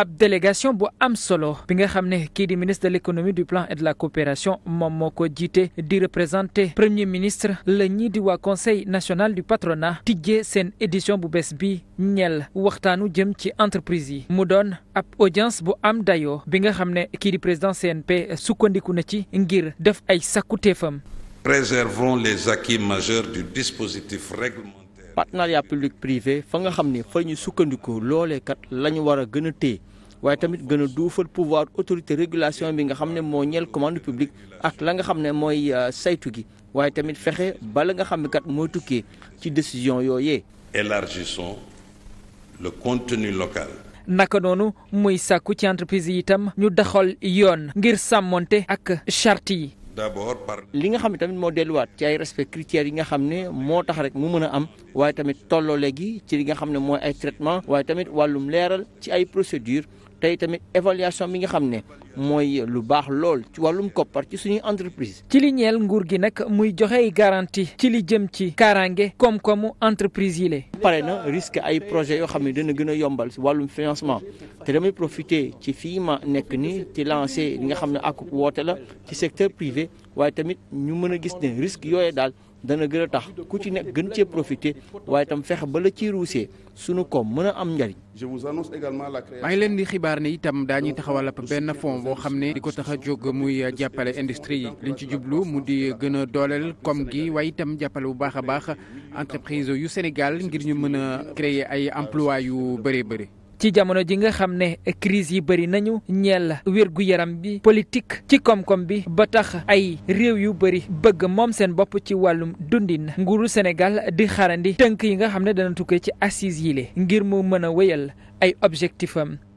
ab délégation bu am solo bi nga xam ne kii di ministre de l'économie du plan et de la coopération moom moo ko jiite di représenté premier ministre la ñii di waa conseil national du patronat tijjee seen édition bu bees bi ñeel waxtaanu jëm ci entreprise yi mu doon ab audience bu am dayo bi nga xam ne kii di président CNP sukkandiku na ci ngir def ay sakkuteefam préservons les acquis majeurs du dispositif réglementaire partenariat public privé fa nga xam ni fa ñu sukkandiku loolee kat la ñu war a gën a téye waaye tamit gën a duufal pouvoir autorité régulation bi nga xam ne moo ñeel commande publique ak la nga xam ne mooy euh, saytu gi waaye tamit fexe bala nga xam ne kat mooy tukkee ci décision yooyee. élargissons le contenu local. naka noonu muy sàkku ci entreprise yi itam ñu doxal yoon ngir sàmmoonte ak charte yi. d'abord par. li nga xam ne tamit moo delluwaat ci ay respect critères yi nga xam ne moo tax rek mu mën a am waaye tamit tolloole gi ci li nga xam ne mooy ay traitement waaye tamit wàllum leeral ci ay procédure tey tamit évaluation bi nga xam ne mooy lu baax lool ci wàllum koppar ci suñuy entreprise ci li ñeel nguur gi nag muy joxe garantie ci li jëm ci karange koom-koomu entreprise yi la. pare na risque ay projet yoo xam ne dana gën a yombal si wàllum financement te damay profiter ci fii ma nekk ni ci lancer li nga xam ne ak woote la ci secteur privé waaye tamit ñu mën a gis ne risque yooyu daal. dana gën a tax ku ci nekk gën cee profité waaye itam fexe ba la ci ruusee sunu koom mën a am njariñ. maa ngi leen di xibaar ne itam daa daañuy taxawal benn fonds boo xam ne di ko tax a jóg muy jàppale industrie yi liñ ci jublu mu di gën a dooleel koom gi waaye itam jàppale bu baax a baax entreprise yu Sénégal ngir ñu mën a créer ay emploi yu bëree bëri. ci jamono ji nga xam ne crise yi bëri nañu ñeel wérgu yaram bi politique ci koom-koom bi ba tax ay réew yu bëri bëgg moom seen bopp ci wàllum dundi na nguuru Sénégal di xarandi tënk yi nga xam ne dana tukkee ci assises yi le ngir mu mën a wéyal ay objectifam